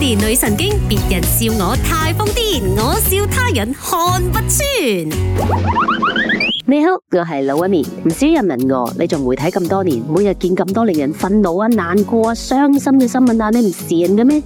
連女神經，別人笑我太瘋癲，我笑他人看不穿。你好，我係老阿明，唔少人問我，你做媒體咁多年，每日見咁多令人憤怒啊、難過啊、傷心嘅新聞啊，你唔蝕嘅咩？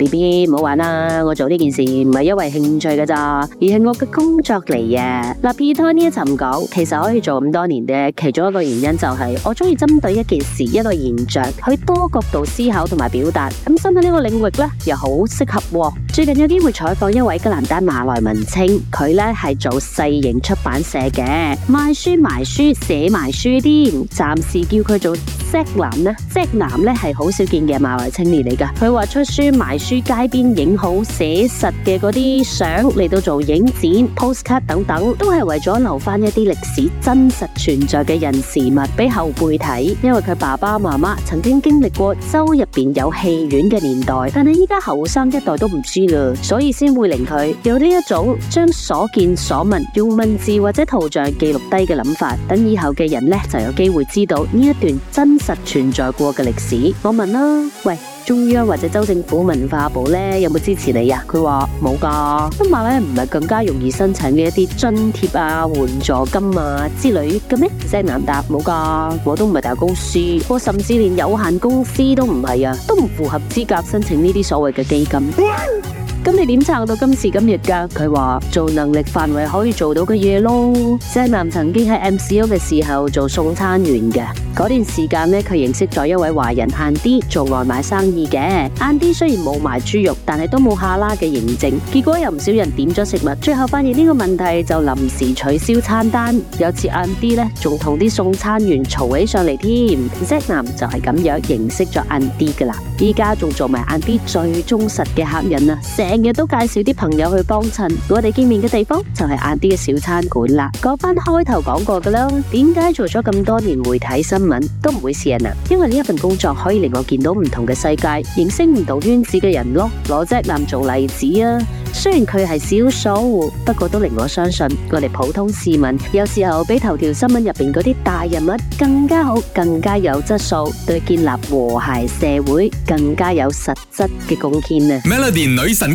B B 唔好玩啦，我做呢件事唔係因為興趣噶咋，而係我嘅工作嚟啊。嗱，pet owner 呢一層講，其實可以做咁多年嘅其中一個原因就係我中意針對一件事一個現象去多角度思考同埋表達。咁身喺呢個領域呢，又好適合喎。最近有機會採訪一位格蘭丹馬來文青，佢咧，係做細型出版社嘅，賣書、賣書、寫埋書添。暫時叫佢做宅男咧，宅男咧係好少見嘅馬來青年嚟噶。佢話出書、賣書街邊、街邊影好寫實嘅嗰啲相嚟到做影展、postcard 等等，都係為咗留返一啲歷史真實存在嘅人事物俾後輩睇。因為佢爸爸媽媽曾經經歷過州入邊有戲院嘅年代，但係依家後生一代都唔算。所以先會令佢有呢一種將所見所聞用文字或者圖像記錄低嘅諗法，等以後嘅人咧就有機會知道呢一段真實存在過嘅歷史。我問啦，喂，中央或者州政府文化部咧，有冇支持你啊？佢話冇噶，咁嘛咧唔係更加容易申請嘅一啲津貼啊、援助金啊之類嘅咩？真難答冇噶，我都唔係大公司，我甚至連有限公司都唔係啊，都唔符合資格申請呢啲所謂嘅基金。 咁你點查到今時今日噶？佢話做能力範圍可以做到嘅嘢咯。Jack 男曾經喺 MCO 嘅時候做送餐員嘅，嗰段時間咧佢認識咗一位華人 Andy 做外賣生意嘅。Andy 雖然冇賣豬肉，但係都冇下拉嘅認證。結果有唔少人點咗食物，最後發現呢個問題就臨時取消餐單。有次 Andy 咧仲同啲送餐員嘈起上嚟添。Jack 男就係咁樣認識咗 Andy 噶啦，依家仲做埋 Andy 最忠實嘅客人啊日日都介紹啲朋友去幫襯，我哋見面嘅地方就係晏啲嘅小餐館啦。講翻開頭講過噶啦，點解做咗咁多年媒體新聞都唔會厭啊？因為呢一份工作可以令我見到唔同嘅世界，認識唔同圈子嘅人咯。攞 zechlan 做例子啊，雖然佢係少數，不過都令我相信，我哋普通市民有時候比頭條新聞入邊嗰啲大人物更加好，更加有質素，對建立和諧社會更加有實質嘅貢獻啊！Melody 女神。